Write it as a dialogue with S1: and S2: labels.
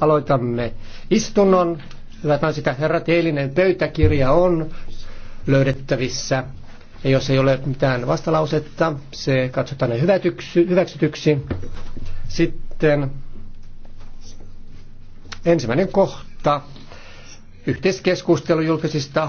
S1: aloitamme istunnon. Hyvät naiset herra herrat, eilinen pöytäkirja on löydettävissä. Ja jos ei ole mitään vastalausetta, se katsotaan hyväksytyksi. Sitten
S2: ensimmäinen kohta. Yhteiskeskustelu julkisista